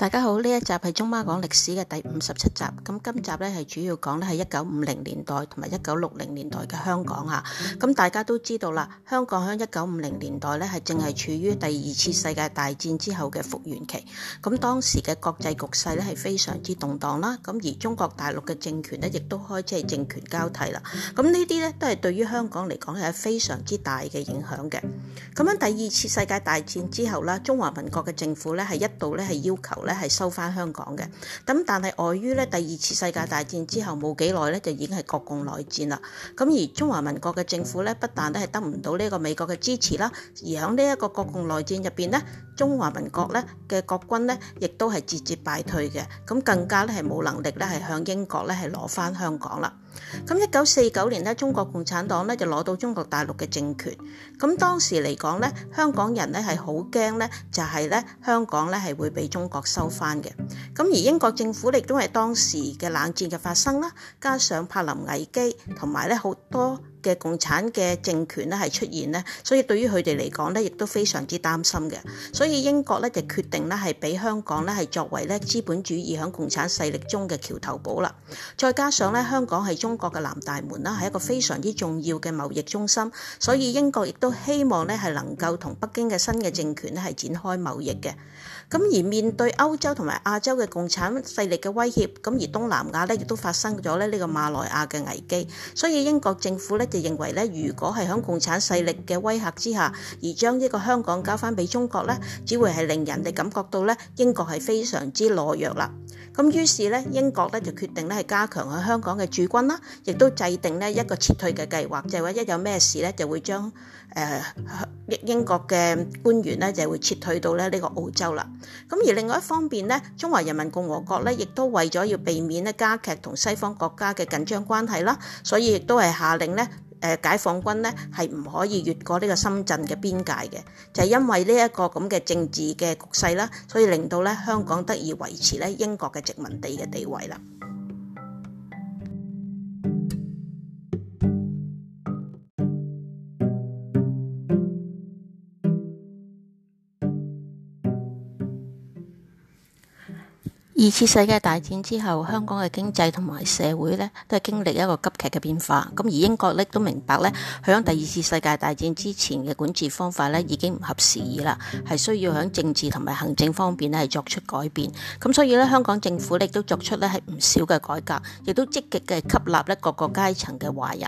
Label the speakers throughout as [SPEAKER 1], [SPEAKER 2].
[SPEAKER 1] 大家好，呢一集係鍾媽講歷史嘅第五十七集。咁今集咧，係主要講咧係一九五零年代同埋一九六零年代嘅香港啊。咁大家都知道啦，香港喺一九五零年代咧，係正係處於第二次世界大戰之後嘅復原期。咁當時嘅國際局勢咧，係非常之動盪啦。咁而中國大陸嘅政權咧，亦都開始係政權交替啦。咁呢啲咧，都係對於香港嚟講係非常之大嘅影響嘅。咁樣第二次世界大戰之後啦，中華民國嘅政府咧，係一度咧，係要求咧。咧係收翻香港嘅，咁但係礙於咧第二次世界大戰之後冇幾耐咧，就已經係國共內戰啦。咁而中華民國嘅政府咧，不但都係得唔到呢一個美國嘅支持啦，而喺呢一個國共內戰入邊呢，中華民國咧嘅國軍呢，亦都係節節敗退嘅，咁更加咧係冇能力咧係向英國咧係攞翻香港啦。咁一九四九年咧，中國共產黨咧就攞到中國大陸嘅政權。咁當時嚟講咧，香港人咧係好驚咧，就係咧香港咧係會俾中國收翻嘅。咁而英國政府亦都係當時嘅冷戰嘅發生啦，加上柏林危機，同埋咧好多。嘅共產嘅政權呢係出現呢，所以對於佢哋嚟講呢，亦都非常之擔心嘅。所以英國咧就決定呢係俾香港呢係作為咧資本主義響共產勢力中嘅橋頭堡啦。再加上咧香港係中國嘅南大門啦，係一個非常之重要嘅貿易中心，所以英國亦都希望呢係能夠同北京嘅新嘅政權呢係展開貿易嘅。咁而面對歐洲同埋亞洲嘅共產勢力嘅威脅，咁而東南亞咧亦都發生咗咧呢個馬來亞嘅危機，所以英國政府咧就認為咧，如果係響共產勢力嘅威嚇之下，而將呢個香港交翻俾中國咧，只會係令人哋感覺到咧英國係非常之懦弱啦。咁於是咧，英國咧就決定咧係加強喺香港嘅駐軍啦，亦都制定呢一個撤退嘅計劃，就係話一有咩事咧就會將。誒、呃、英英國嘅官員咧就會撤退到咧呢個澳洲啦。咁而另外一方面，呢中華人民共和國咧亦都為咗要避免呢加劇同西方國家嘅緊張關係啦，所以亦都係下令呢誒解放軍呢係唔可以越過呢個深圳嘅邊界嘅，就係、是、因為呢一個咁嘅政治嘅局勢啦，所以令到咧香港得以維持咧英國嘅殖民地嘅地位啦。二次世界大戰之後，香港嘅經濟同埋社會呢都係經歷一個急劇嘅變化。咁而英國呢都明白呢，喺第二次世界大戰之前嘅管治方法呢已經唔合時宜啦，係需要喺政治同埋行政方面呢係作出改變。咁所以呢，香港政府呢都作出呢係唔少嘅改革，亦都積極嘅吸納呢各個階層嘅華人。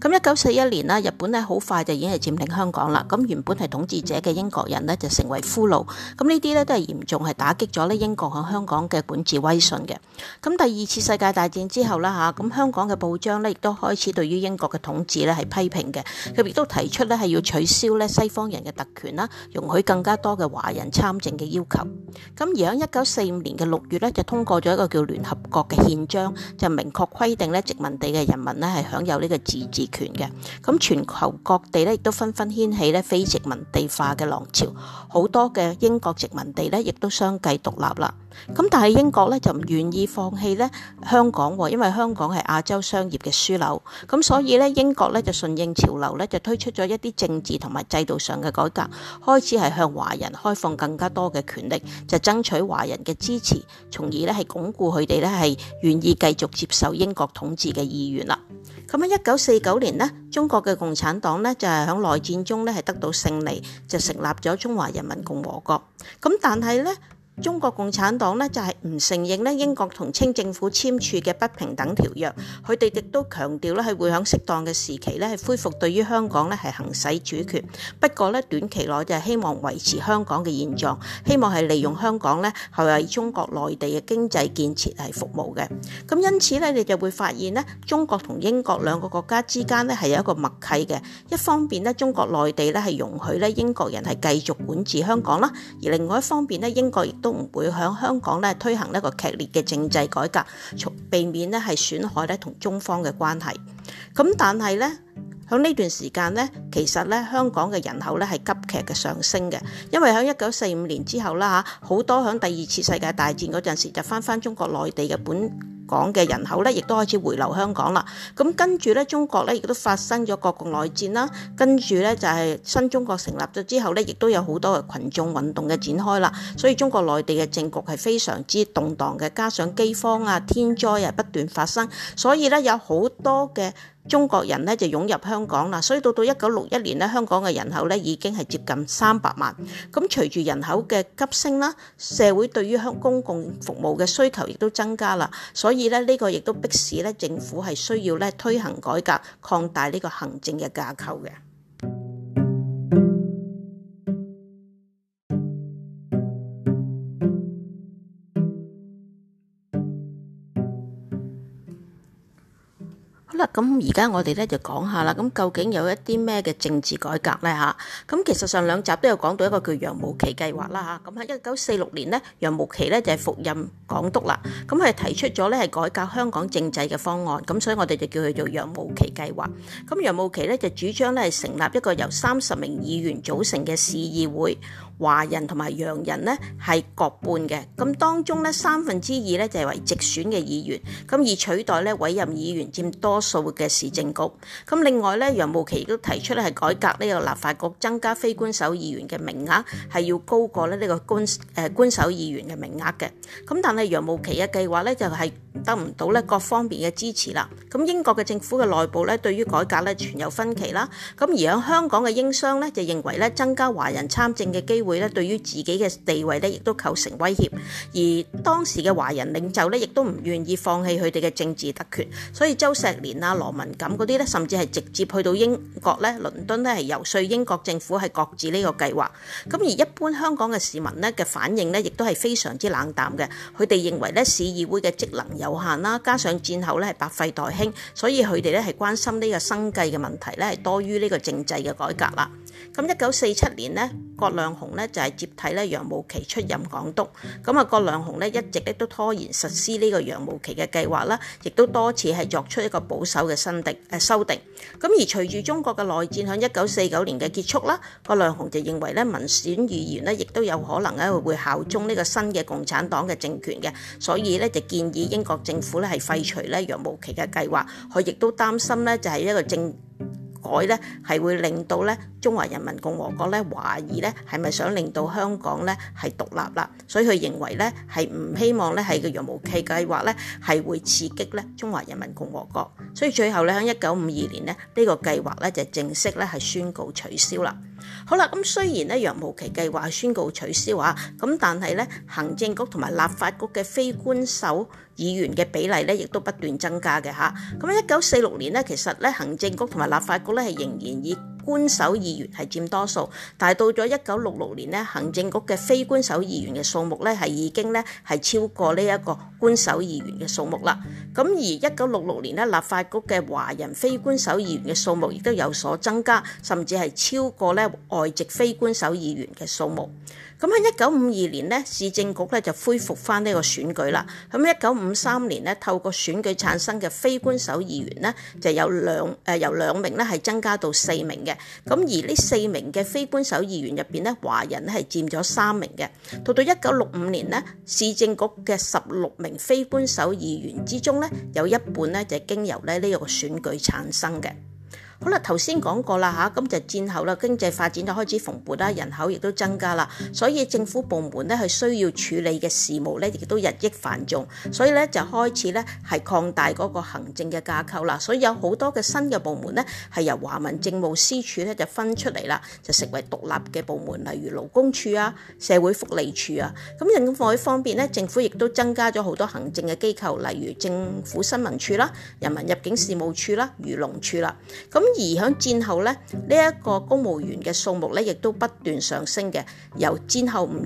[SPEAKER 1] 咁一九四一年啦，日本呢好快就已經係佔領香港啦。咁原本係統治者嘅英國人呢就成為俘虜。咁呢啲呢都係嚴重係打擊咗呢英國喺香港嘅管治威信嘅。咁第二次世界大戰之後啦嚇，咁香港嘅報章呢亦都開始對於英國嘅統治呢係批評嘅，佢亦都提出呢係要取消呢西方人嘅特權啦，容許更加多嘅華人參政嘅要求。咁而喺一九四五年嘅六月呢，就通過咗一個叫聯合國嘅憲章，就明確規定呢殖民地嘅人民呢係享有呢個自治權嘅。咁全球各地呢亦都紛紛掀起呢非殖民地化嘅浪潮，好多嘅英國殖民地呢亦都相繼獨立啦。咁但係英英國咧就唔願意放棄咧香港，因為香港係亞洲商業嘅樞紐，咁所以咧英國咧就順應潮流咧就推出咗一啲政治同埋制度上嘅改革，開始係向華人開放更加多嘅權力，就爭取華人嘅支持，從而咧係鞏固佢哋咧係願意繼續接受英國統治嘅意願啦。咁喺一九四九年咧，中國嘅共產黨咧就係喺內戰中咧係得到勝利，就成立咗中華人民共和國。咁但係咧，中國共產黨呢就係唔承認英國同清政府簽署嘅不平等條約，佢哋亦都強調呢係會喺適當嘅時期呢係恢復對於香港咧係行使主權。不過呢短期內就係希望維持香港嘅現狀，希望係利用香港呢係為中國內地嘅經濟建設係服務嘅。咁因此呢你就會發現呢中國同英國兩個國家之間呢係有一個默契嘅。一方面呢中國內地呢係容許呢英國人係繼續管治香港啦，而另外一方面呢英國。都唔會喺香港咧推行一個劇烈嘅政制改革，從避免咧係損害咧同中方嘅關係。咁但係咧，喺呢段時間咧，其實咧香港嘅人口咧係急劇嘅上升嘅，因為喺一九四五年之後啦嚇，好多喺第二次世界大戰嗰陣時就翻返中國內地嘅本港嘅人口咧，亦都開始回流香港啦。咁跟住咧，中國咧亦都發生咗國共內戰啦。跟住咧，就係新中國成立咗之後咧，亦都有好多嘅群眾運動嘅展開啦。所以中國內地嘅政局係非常之動盪嘅，加上饑荒啊、天災啊不斷發生，所以咧有好多嘅。中國人咧就湧入香港啦，所以到到一九六一年咧，香港嘅人口咧已經係接近三百萬。咁隨住人口嘅急升啦，社會對於香公共服務嘅需求亦都增加啦，所以咧呢個亦都迫使咧政府係需要咧推行改革，擴大呢個行政嘅架構嘅。咁而家我哋呢就講下啦，咁究竟有一啲咩嘅政治改革呢吓？咁其實上兩集都有講到一個叫楊慕琦計劃啦吓，咁喺一九四六年呢，楊慕琦呢就係復任港督啦，咁佢提出咗呢係改革香港政制嘅方案，咁所以我哋就叫佢做楊慕琦計劃。咁楊慕琦呢就主張呢係成立一個由三十名議員組成嘅市議會。華人同埋洋人呢係各半嘅，咁當中呢，三分之二呢就係為直選嘅議員，咁而取代咧委任議員佔多數嘅市政局。咁另外呢，楊慕琦都提出咧係改革呢個立法局，增加非官守議員嘅名額，係要高過咧呢個官誒、呃、官守議員嘅名額嘅。咁但係楊慕琦嘅計劃呢，就係得唔到呢各方面嘅支持啦。咁英國嘅政府嘅內部呢，對於改革呢，存有分歧啦。咁而喺香港嘅英商呢，就認為呢，增加華人參政嘅機會，佢咧對於自己嘅地位咧，亦都構成威脅。而當時嘅華人領袖咧，亦都唔願意放棄佢哋嘅政治特權。所以周錫年啊、羅文錦嗰啲咧，甚至係直接去到英國咧、倫敦咧係遊說英國政府係擱置呢個計劃。咁而一般香港嘅市民咧嘅反應咧，亦都係非常之冷淡嘅。佢哋認為咧，市議會嘅職能有限啦，加上戰後咧係百廢待興，所以佢哋咧係關心呢個生計嘅問題咧，係多於呢個政制嘅改革啦。咁一九四七年呢，葛量洪呢就係接替咧楊慕琦出任港督。咁啊，葛量洪呢一直咧都拖延實施呢個楊慕琦嘅計劃啦，亦都多次係作出一個保守嘅新、啊、定、誒修訂。咁而隨住中國嘅內戰響一九四九年嘅結束啦，葛量洪就認為咧民選議員呢亦都有可能咧會效忠呢個新嘅共產黨嘅政權嘅，所以咧就建議英國政府咧係廢除咧楊慕琦嘅計劃。佢亦都擔心咧就係一個政。改咧，係會令到咧中華人民共和國咧懷疑咧係咪想令到香港咧係獨立啦，所以佢認為咧係唔希望咧係個楊慕琦計劃咧係會刺激咧中華人民共和國，所以最後咧喺一九五二年咧呢、這個計劃咧就正式咧係宣告取消啦。好啦，咁雖然咧楊慕琦計劃宣告取消啊，咁但係咧行政局同埋立法局嘅非官守議員嘅比例咧，亦都不斷增加嘅吓，咁一九四六年咧，其實咧行政局同埋立法局咧係仍然以官守議員係佔多數，但係到咗一九六六年咧，行政局嘅非官守議員嘅數目咧係已經咧係超過呢一個官守議員嘅數目啦。咁而一九六六年咧，立法局嘅華人非官守議員嘅數目亦都有所增加，甚至係超過咧外籍非官守議員嘅數目。咁喺一九五二年呢，市政局咧就恢復翻呢個選舉啦。咁一九五三年呢，透過選舉產生嘅非官守議員呢，就有兩、呃、由兩名呢係增加到四名嘅。咁而呢四名嘅非官守議員入面呢，華人係佔咗三名嘅。到到一九六五年呢，市政局嘅十六名非官守議員之中呢，有一半呢就經由咧呢個選舉產生嘅。好啦，頭先講過啦吓，咁就戰後啦，經濟發展就開始蓬勃啦，人口亦都增加啦，所以政府部門咧係需要處理嘅事務咧，亦都日益繁重，所以咧就開始咧係擴大嗰個行政嘅架構啦，所以有好多嘅新嘅部門咧係由華民政務司署咧就分出嚟啦，就成為獨立嘅部門，例如勞工處啊、社會福利處啊，咁另外一方面咧，政府亦都增加咗好多行政嘅機構，例如政府新聞處啦、人民入境事務處啦、漁農處啦，咁。而喺戰後咧，呢一個公務員嘅數目咧，亦都不斷上升嘅。由戰後唔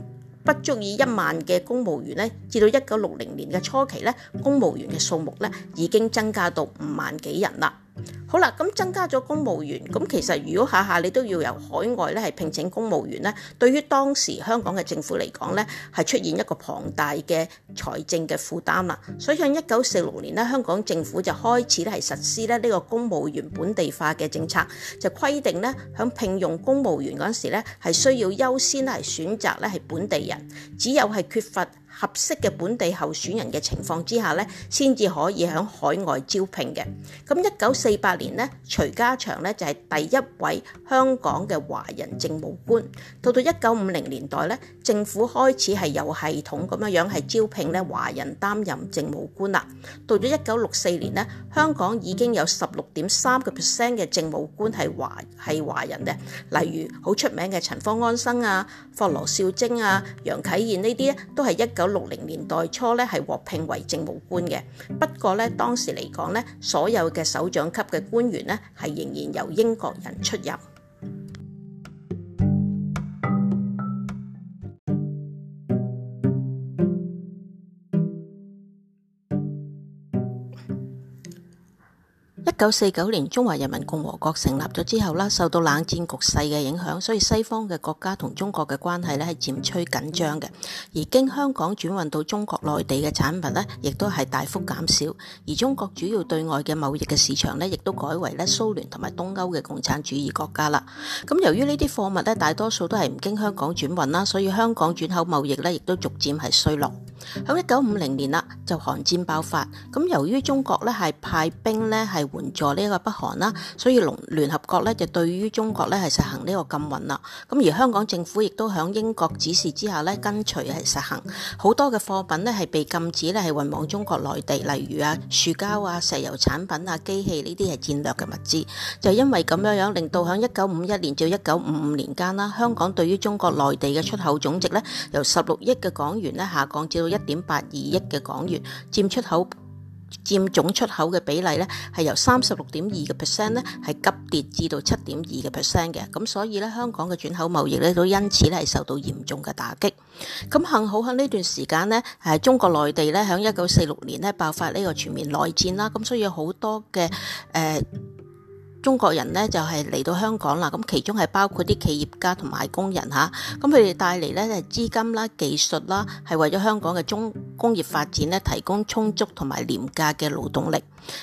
[SPEAKER 1] 不足以一萬嘅公務員咧，至到一九六零年嘅初期咧，公務員嘅數目咧，已經增加到五萬幾人啦。好啦，咁增加咗公務員，咁其實如果下下你都要由海外咧係聘請公務員咧，對於當時香港嘅政府嚟講咧，係出現一個龐大嘅財政嘅負擔啦。所以喺一九四六年咧，香港政府就開始咧係實施咧呢個公務員本地化嘅政策，就規定咧喺聘用公務員嗰陣時咧係需要優先咧係選擇咧係本地人，只有係缺乏。合適嘅本地候選人嘅情況之下咧，先至可以響海外招聘嘅。咁一九四八年咧，徐家祥咧就係第一位香港嘅華人政務官。到到一九五零年代咧，政府開始係有系統咁樣樣係招聘咧華人擔任政務官啦。到咗一九六四年咧，香港已經有十六點三個 percent 嘅政務官係華係華人嘅。例如好出名嘅陳方安生啊、霍羅兆貞啊、楊啟彥呢啲咧都係一九。六零年代初咧，係獲聘為政務官嘅。不過咧，當時嚟講咧，所有嘅首長級嘅官員咧，係仍然由英國人出任。一九四九年，中華人民共和國成立咗之後啦，受到冷戰局勢嘅影響，所以西方嘅國家同中國嘅關係呢係漸趨緊張嘅。而經香港轉運到中國內地嘅產品呢，亦都係大幅減少。而中國主要對外嘅貿易嘅市場呢，亦都改為呢蘇聯同埋東歐嘅共產主義國家啦。咁由於呢啲貨物呢，大多數都係唔經香港轉運啦，所以香港轉口貿易呢，亦都逐漸係衰落。喺一九五零年啦，就韓戰爆發。咁由於中國呢，係派兵呢，係援助呢個北韓啦，所以聯聯合國咧就對於中國咧係實行呢個禁運啦。咁而香港政府亦都響英國指示之下咧，跟隨係實行好多嘅貨品呢係被禁止咧係運往中國內地，例如啊樹膠啊、石油產品啊、機器呢啲係戰略嘅物資。就是、因為咁樣樣，令到響一九五一年至一九五五年間啦，香港對於中國內地嘅出口總值咧由十六億嘅港元咧下降至到一點八二億嘅港元，佔出口。佔總出口嘅比例咧，係由三十六點二嘅 percent 咧，係急跌至到七點二嘅 percent 嘅。咁所以咧，香港嘅轉口貿易咧都因此咧係受到嚴重嘅打擊。咁幸好喺呢段時間咧，誒中國內地咧喺一九四六年咧爆發呢個全面內戰啦，咁所以好多嘅誒。呃中國人呢就係嚟到香港啦，咁其中係包括啲企業家同埋工人嚇，咁佢哋帶嚟呢資金啦、技術啦，係為咗香港嘅中工業發展呢提供充足同埋廉價嘅勞動力。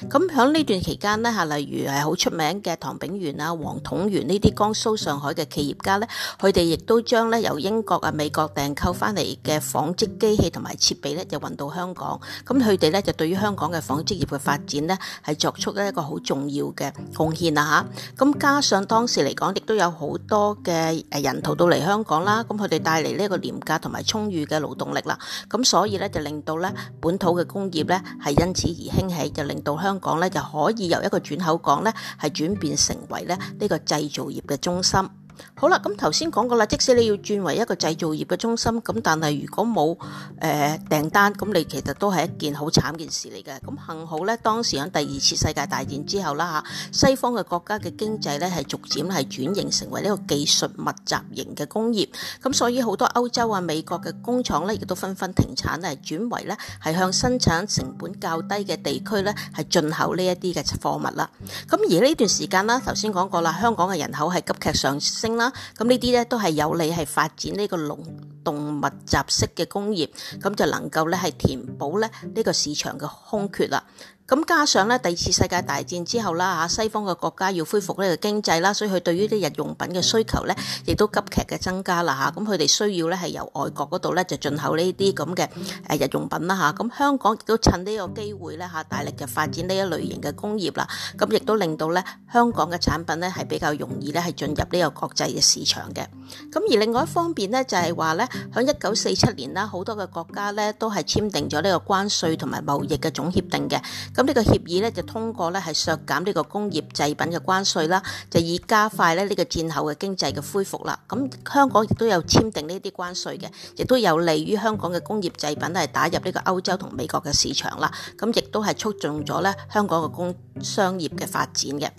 [SPEAKER 1] 咁喺呢段期間呢，例如係好出名嘅唐炳源啊、王統元呢啲江蘇上海嘅企業家呢，佢哋亦都將呢由英國啊、美國訂購翻嚟嘅紡織機器同埋設備呢，就運到香港。咁佢哋呢就對於香港嘅紡織業嘅發展呢，係作出一個好重要嘅貢獻。吓、啊，咁加上當時嚟講，亦都有好多嘅人逃到嚟香港啦，咁佢哋帶嚟呢個廉價同埋充裕嘅勞動力啦，咁所以咧就令到咧本土嘅工業咧係因此而興起，就令到香港咧就可以由一個轉口港咧係轉變成為咧呢個製造業嘅中心。好啦，咁頭先講過啦，即使你要轉為一個製造業嘅中心，咁但係如果冇誒訂單，咁你其實都係一件好慘嘅事嚟嘅。咁幸好咧，當時喺第二次世界大戰之後啦吓，西方嘅國家嘅經濟咧係逐漸係轉型成為呢個技術密集型嘅工業，咁所以好多歐洲啊、美國嘅工廠咧亦都紛紛停產咧，係轉為咧係向生產成本較低嘅地區咧係進口呢一啲嘅貨物啦。咁而呢段時間啦，頭先講過啦，香港嘅人口係急劇上啦，咁呢啲咧都係有利係發展呢個農動物集式嘅工業，咁就能夠咧係填補咧呢個市場嘅空缺啦。咁加上咧，第二次世界大戰之後啦，嚇西方嘅國家要恢復呢個經濟啦，所以佢對於啲日用品嘅需求咧，亦都急劇嘅增加啦，嚇咁佢哋需要咧係由外國嗰度咧就進口呢啲咁嘅誒日用品啦，嚇咁香港亦都趁呢個機會咧嚇大力嘅發展呢一類型嘅工業啦，咁亦都令到咧香港嘅產品咧係比較容易咧係進入呢個國際嘅市場嘅。咁而另外一方面咧，就係話咧響一九四七年啦，好多嘅國家咧都係簽訂咗呢個關稅同埋貿易嘅總協定嘅。咁呢個協議咧就通過咧係削減呢個工業製品嘅關稅啦，就以加快咧呢個戰後嘅經濟嘅恢復啦。咁香港亦都有簽訂呢啲關稅嘅，亦都有利於香港嘅工業製品係打入呢個歐洲同美國嘅市場啦。咁亦都係促進咗咧香港嘅工商業嘅發展嘅。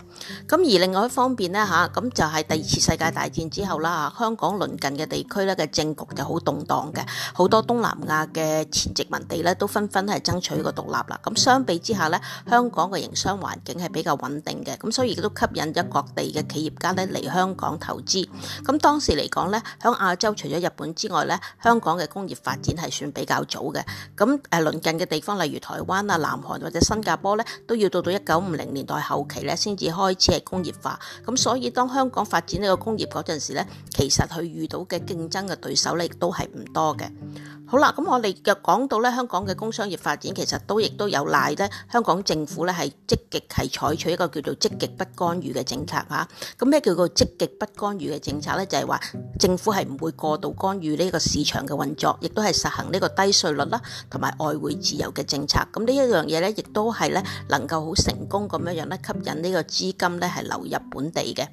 [SPEAKER 1] 咁而另外一方面呢，吓，咁就係第二次世界大戰之後啦，香港鄰近嘅地區咧嘅政局就好動盪嘅，好多東南亞嘅前殖民地咧都紛紛係爭取個獨立啦。咁相比之下呢，香港嘅營商環境係比較穩定嘅，咁所以亦都吸引咗各地嘅企業家呢嚟香港投資。咁當時嚟講呢，喺亞洲除咗日本之外呢，香港嘅工業發展係算比較早嘅。咁誒，鄰近嘅地方例如台灣啊、南韓或者新加坡呢，都要到到一九五零年代後期呢先至開開始係工業化，咁所以當香港發展呢個工業嗰陣時咧，其實佢遇到嘅競爭嘅對手咧，亦都係唔多嘅。好啦，咁我哋又講到咧，香港嘅工商業發展其實都亦都有賴咧，香港政府咧係積極係採取一個叫做積極不干預嘅政策吓，咁、啊、咩叫做積極不干預嘅政策咧？就係、是、話政府係唔會過度干預呢個市場嘅運作，亦都係實行呢個低稅率啦，同埋外匯自由嘅政策。咁呢一樣嘢咧，亦都係咧能夠好成功咁樣樣咧吸引呢個資。金咧係流入本地嘅，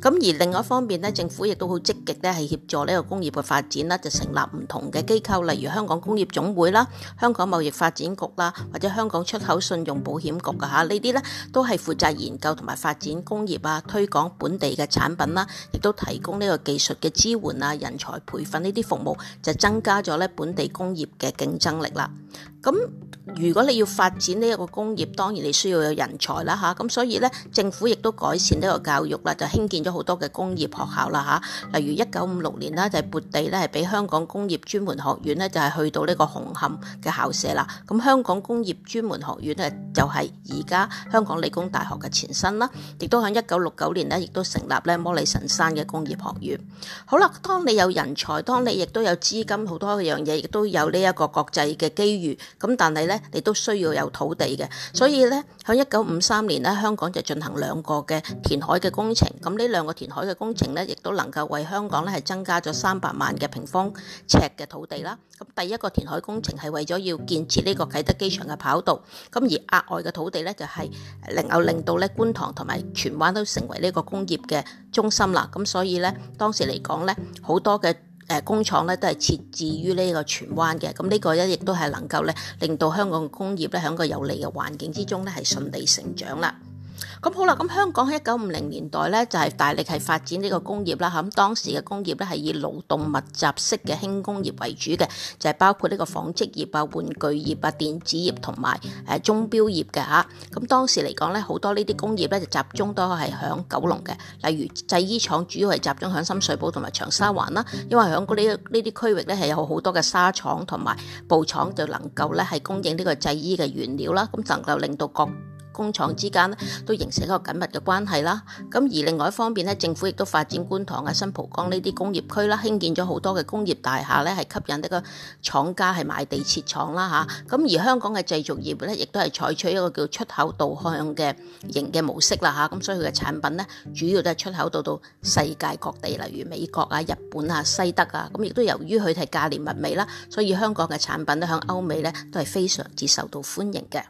[SPEAKER 1] 咁而另外一方面咧，政府亦都好積極咧，係協助呢個工業嘅發展啦，就成立唔同嘅機構，例如香港工業總會啦、香港貿易發展局啦，或者香港出口信用保險局㗎吓，呢啲咧都係負責研究同埋發展工業啊、推廣本地嘅產品啦，亦都提供呢個技術嘅支援啊、人才培訓呢啲服務，就增加咗咧本地工業嘅競爭力啦，咁。如果你要發展呢一個工業，當然你需要有人才啦嚇。咁、啊、所以呢，政府亦都改善呢個教育啦，就興建咗好多嘅工業學校啦嚇、啊。例如一九五六年啦，就撥、是、地呢，係俾香港工業專門學院呢，就係、是、去到呢個紅磡嘅校舍啦。咁香港工業專門學院呢，就係而家香港理工大學嘅前身啦。亦、啊、都喺一九六九年呢，亦都成立咧摩理臣山嘅工業學院。好啦，當你有人才，當你亦都有資金，好多嘅樣嘢，亦都有呢一個國際嘅機遇。咁但係呢。你都需要有土地嘅，所以咧喺一九五三年咧，香港就進行兩個嘅填海嘅工程。咁呢兩個填海嘅工程咧，亦都能夠為香港咧係增加咗三百萬嘅平方尺嘅土地啦。咁第一個填海工程係為咗要建設呢個啟德機場嘅跑道，咁而額外嘅土地咧就係能夠令到咧觀塘同埋荃灣都成為呢個工業嘅中心啦。咁所以咧當時嚟講咧，好多嘅。誒工廠咧都係設置於呢個荃灣嘅，咁呢個一亦都係能夠呢令到香港嘅工業呢喺一個有利嘅環境之中呢係順利成長啦。咁好啦，咁香港喺一九五零年代咧，就係大力係發展呢個工業啦，咁當時嘅工業咧係以勞動密集式嘅輕工業為主嘅，就係包括呢個紡織業啊、玩具業啊、電子業同埋誒鐘錶業嘅嚇。咁當時嚟講咧，好多呢啲工業咧就集中都係響九龍嘅，例如製衣廠主要係集中響深水埗同埋長沙灣啦，因為響嗰呢啲區域咧係有好多嘅紗廠同埋布廠，就能夠咧係供應呢個製衣嘅原料啦，咁能夠令到各工廠之間都形成一個緊密嘅關係啦。咁而另外一方面咧，政府亦都發展觀塘啊、新蒲崗呢啲工業區啦，興建咗好多嘅工業大廈咧，係吸引呢個廠家係買地設廠啦吓，咁而香港嘅製造業咧，亦都係採取一個叫出口導向嘅型嘅模式啦吓，咁所以佢嘅產品咧，主要都係出口到到世界各地，例如美國啊、日本啊、西德啊。咁亦都由於佢係價廉物美啦，所以香港嘅產品咧，響歐美咧都係非常之受到歡迎嘅。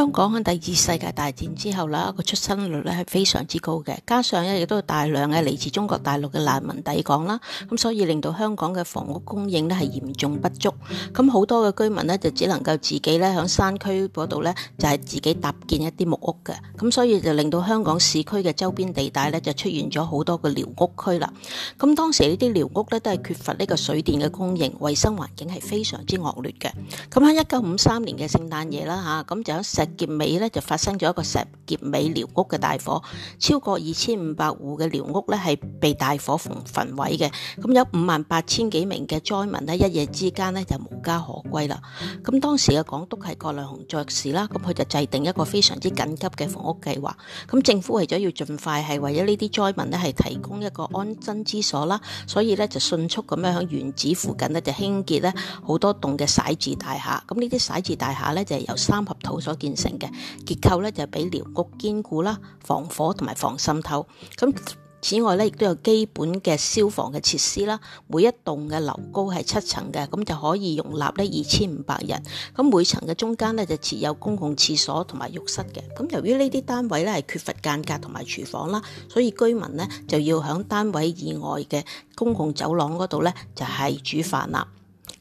[SPEAKER 1] 香港喺第二次世界大戰之後啦，個出生率咧係非常之高嘅，加上咧亦都有大量嘅嚟自中國大陸嘅難民抵港啦，咁所以令到香港嘅房屋供應咧係嚴重不足，咁好多嘅居民咧就只能夠自己咧響山區嗰度咧就係自己搭建一啲木屋嘅，咁所以就令到香港市區嘅周邊地帶咧就出現咗好多嘅寮屋區啦。咁當時呢啲寮屋咧都係缺乏呢個水電嘅供應，衛生環境係非常之惡劣嘅。咁喺一九五三年嘅聖誕夜啦吓，咁就有。結尾咧就發生咗一個石硤尾寮屋嘅大火，超過二千五百戶嘅寮屋咧係被大火焚焚毀嘅，咁有五萬八千幾名嘅災民呢，一夜之間呢，就無家可歸啦。咁當時嘅港督係葛量洪爵士啦，咁佢就制定一個非常之緊急嘅房屋計劃。咁政府盡為咗要盡快係為咗呢啲災民呢，係提供一個安身之所啦，所以咧就迅速咁樣喺原址附近呢，就興建咧好多棟嘅徙置大廈。咁呢啲徙置大廈咧就係、是、由三合土所建設。成嘅結構咧就比寮屋堅固啦，防火同埋防滲透。咁此外咧，亦都有基本嘅消防嘅設施啦。每一棟嘅樓高係七層嘅，咁就可以容納呢二千五百人。咁每層嘅中間咧就設有公共廁所同埋浴室嘅。咁由於呢啲單位咧係缺乏間隔同埋廚房啦，所以居民咧就要喺單位以外嘅公共走廊嗰度咧就係、是、煮飯啦。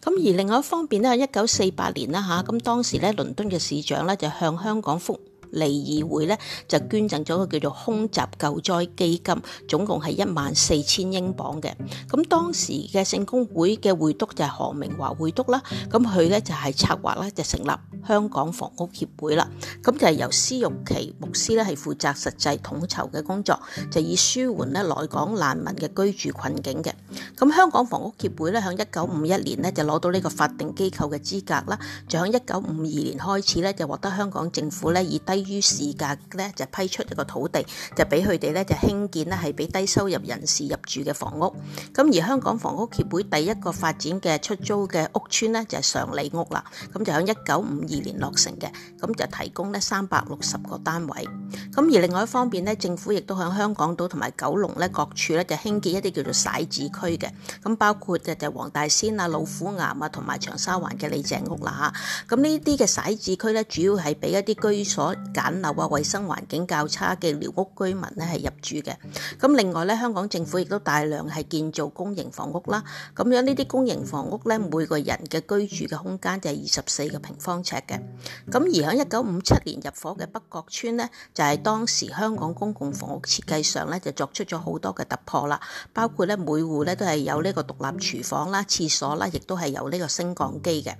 [SPEAKER 1] 咁而另外一方面咧，一九四八年啦吓，咁當時咧，倫敦嘅市長咧就向香港覆。利議會咧就捐贈咗個叫做空襲救災基金，總共係一萬四千英鎊嘅。咁當時嘅聖公會嘅會督就係何明華會督啦。咁佢咧就係策劃咧就成立香港房屋協會啦。咁就係由施玉琪牧師咧係負責實際統籌嘅工作，就以舒緩咧來港難民嘅居住困境嘅。咁香港房屋協會咧喺一九五一年咧就攞到呢個法定機構嘅資格啦，就喺一九五二年開始咧就獲得香港政府咧以低於市價咧就批出一個土地，就俾佢哋咧就興建咧係俾低收入人士入住嘅房屋。咁而香港房屋協會第一個發展嘅出租嘅屋邨咧就係上李屋啦。咁就喺一九五二年落成嘅，咁就提供咧三百六十個單位。咁而另外一方面咧，政府亦都喺香港島同埋九龍咧各處咧就興建一啲叫做徙置區嘅。咁包括就就黃大仙啊、老虎岩啊同埋長沙灣嘅李鄭屋啦嚇。咁呢啲嘅徙置區咧主要係俾一啲居所。簡陋啊，衛生環境較差嘅寮屋居民咧係入住嘅。咁另外咧，香港政府亦都大量係建造公營房屋啦。咁樣呢啲公營房屋咧，每個人嘅居住嘅空間就係二十四個平方尺嘅。咁而喺一九五七年入伙嘅北角邨咧，就係當時香港公共房屋設計上咧就作出咗好多嘅突破啦，包括咧每戶咧都係有呢個獨立廚房啦、廁所啦，亦都係有呢個升降機嘅。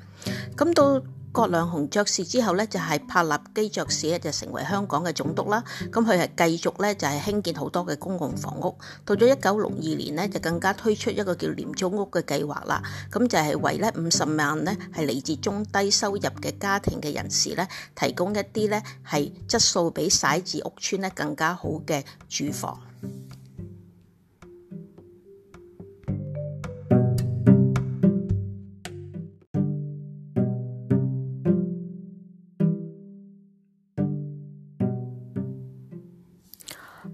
[SPEAKER 1] 咁到葛量洪爵士之後呢，就係柏立基爵士就成為香港嘅總督啦。咁佢係繼續呢，就係興建好多嘅公共房屋。到咗一九六二年呢，就更加推出一個叫廉租屋嘅計劃啦。咁就係、是、為呢五十萬呢，係嚟自中低收入嘅家庭嘅人士呢，提供一啲呢係質素比徙置屋邨呢更加好嘅住房。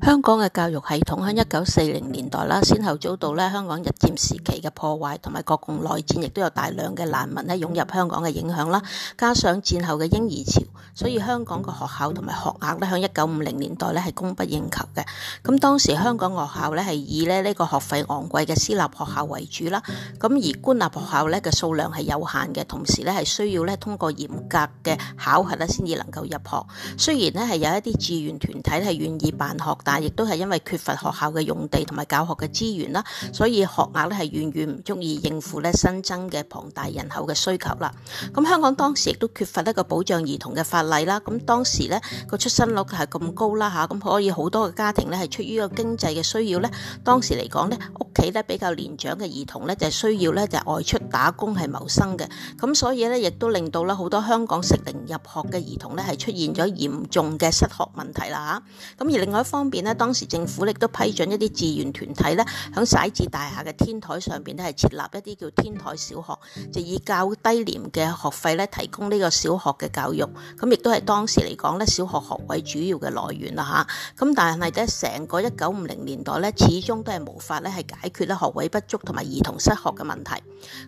[SPEAKER 1] 香港嘅教育系統喺一九四零年代啦，先後遭到咧香港日佔時期嘅破壞，同埋國共內戰亦都有大量嘅難民咧湧入香港嘅影響啦，加上戰後嘅嬰兒潮。所以香港嘅學校同埋學額咧，響一九五零年代咧係供不應求嘅。咁當時香港學校咧係以咧呢個學費昂貴嘅私立學校為主啦。咁而官立學校咧嘅數量係有限嘅，同時咧係需要咧通過嚴格嘅考核咧先至能夠入學，雖然咧係有一啲志願團體係願意辦學，但係亦都係因為缺乏學校嘅用地同埋教學嘅資源啦，所以學額咧係遠遠唔足以應付咧新增嘅龐大人口嘅需求啦。咁香港當時亦都缺乏一個保障兒童嘅法。例啦，咁當時咧個出生率係咁高啦嚇，咁可以好多嘅家庭咧係出於個經濟嘅需要咧，當時嚟講咧屋企咧比較年長嘅兒童咧就需要咧就外出打工係謀生嘅，咁所以咧亦都令到咧好多香港適齡入學嘅兒童咧係出現咗嚴重嘅失學問題啦嚇，咁而另外一方面呢，當時政府亦都批准一啲志願團體咧喺徙置大廈嘅天台上邊咧係設立一啲叫天台小學，就以較低廉嘅學費咧提供呢個小學嘅教育，咁。亦都係當時嚟講咧，小學學位主要嘅來源啦嚇。咁但係咧，成個一九五零年代咧，始終都係無法咧係解決咧學位不足同埋兒童失學嘅問題。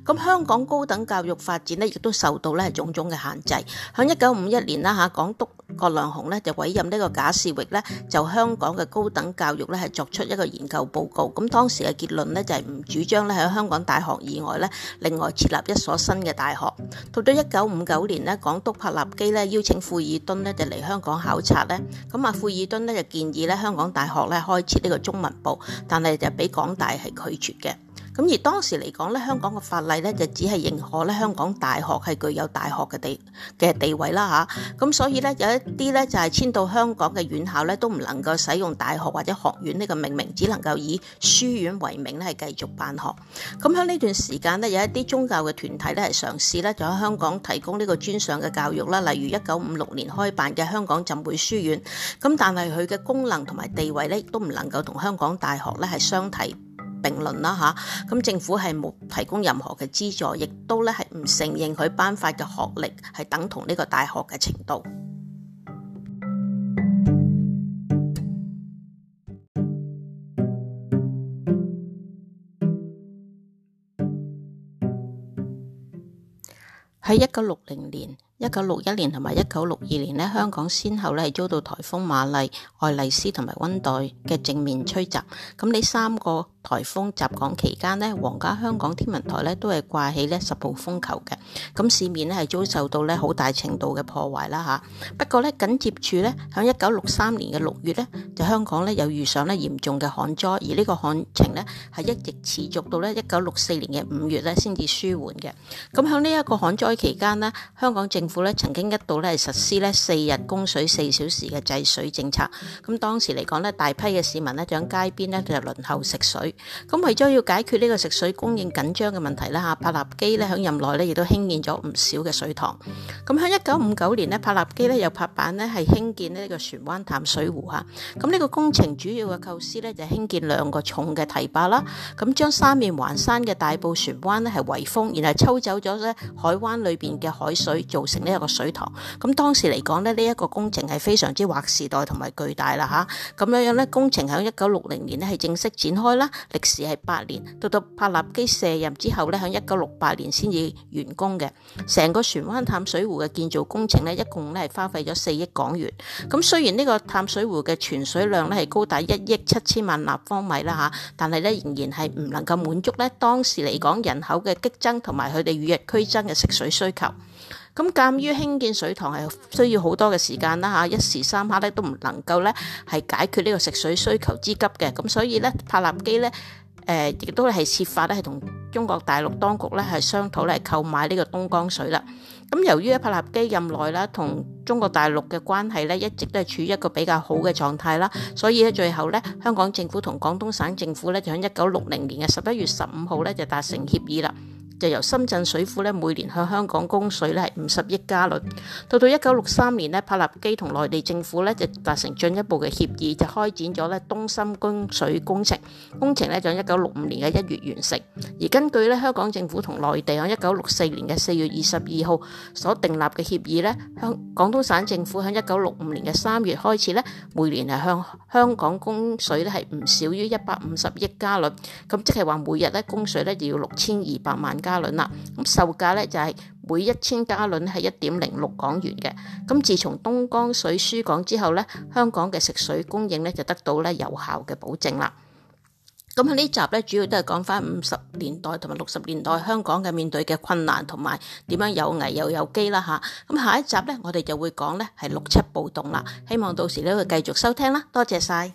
[SPEAKER 1] 咁香港高等教育發展咧，亦都受到咧種種嘅限制。響一九五一年啦嚇，港督葛量洪咧就委任呢個賈士域咧，就香港嘅高等教育咧係作出一個研究報告。咁當時嘅結論咧就係唔主張咧喺香港大學以外咧，另外設立一所新嘅大學。到咗一九五九年呢，港督柏立基咧邀請富爾頓咧就嚟香港考察呢。咁啊富爾頓呢就建議呢香港大學咧開設呢個中文部，但係就俾港大係拒絕嘅。咁而當時嚟講咧，香港嘅法例咧就只係認可咧香港大學係具有大學嘅地嘅地位啦吓，咁所以咧有一啲咧就係遷到香港嘅院校咧都唔能夠使用大學或者學院呢個命名，只能夠以書院為名咧係繼續辦學。咁喺呢段時間咧有一啲宗教嘅團體咧係嘗試咧就喺香港提供呢個專上嘅教育啦，例如一九五六年開辦嘅香港浸會書院。咁但係佢嘅功能同埋地位咧都唔能夠同香港大學咧係相提並論啦吓，咁政府係冇提供任何嘅資助，亦都咧係唔承認佢頒發嘅學歷係等同呢個大學嘅程度。喺一九六零年。一九六一年同埋一九六二年呢，香港先後呢，係遭到台風瑪麗、愛麗絲同埋溫黛嘅正面吹襲。咁呢三個台風襲港期間呢，皇家香港天文台呢，都係掛起呢十號風球嘅。咁市面呢，係遭受到呢好大程度嘅破壞啦吓。不過呢，緊接住呢，響一九六三年嘅六月呢，就香港呢又遇上呢嚴重嘅旱災，而呢個旱情呢，係一直持續到呢一九六四年嘅五月呢先至舒緩嘅。咁響呢一個旱災期間呢，香港正。政府咧曾經一度咧係實施咧四日供水四小時嘅制水政策，咁當時嚟講咧大批嘅市民咧就喺街邊咧就輪候食水，咁為咗要解決呢個食水供應緊張嘅問題啦嚇，柏立基咧喺任內咧亦都興建咗唔少嘅水塘，咁喺一九五九年咧柏立基咧又拍板咧係興建咧呢個船灣淡水湖嚇，咁、這、呢個工程主要嘅構思咧就係興建兩個重嘅堤壩啦，咁將三面環山嘅大埔船灣咧係圍封，然後抽走咗咧海灣裏邊嘅海水造成。呢、這、一個水塘，咁當時嚟講咧，呢、這、一個工程係非常之劃時代同埋巨大啦吓，咁樣樣咧，工程喺一九六零年咧係正式展開啦，歷時係八年，到到柏立基卸任之後咧，喺一九六八年先至完工嘅。成個船灣淡水湖嘅建造工程呢，一共咧係花費咗四億港元。咁雖然呢個淡水湖嘅存水量咧係高達一億七千萬立方米啦吓，但係咧仍然係唔能夠滿足咧當時嚟講人口嘅激增同埋佢哋與日俱增嘅食水需求。咁鑑於興建水塘係需要好多嘅時間啦嚇，一時三刻咧都唔能夠咧係解決呢個食水需求之急嘅，咁所以咧帕納基咧誒亦都係設法咧係同中國大陸當局咧係商討嚟購買呢個東江水啦。咁由於咧柏立基任內啦，同中國大陸嘅關係咧一直都係處於一個比較好嘅狀態啦，所以咧最後咧香港政府同廣東省政府咧就喺一九六零年嘅十一月十五號咧就達成協議啦。就由深圳水庫咧每年向香港供水咧係五十億加侖，到到一九六三年咧，柏立基同內地政府咧就達成進一步嘅協議，就開展咗咧東深供水工程。工程咧就一九六五年嘅一月完成。而根據咧香港政府同內地響一九六四年嘅四月二十二號所訂立嘅協議咧，香廣東省政府響一九六五年嘅三月開始咧，每年係向香港供水咧係唔少於一百五十億加侖，咁即係話每日咧供水咧就要六千二百萬。加侖啦，咁售價咧就係每一千加侖係一點零六港元嘅。咁自從東江水輸港之後咧，香港嘅食水供應咧就得到咧有效嘅保證啦。咁喺呢集咧主要都係講翻五十年代同埋六十年代香港嘅面對嘅困難同埋點樣有危又有機啦吓。咁下一集咧我哋就會講咧係六七暴動啦。希望到時你會繼續收聽啦，多謝晒。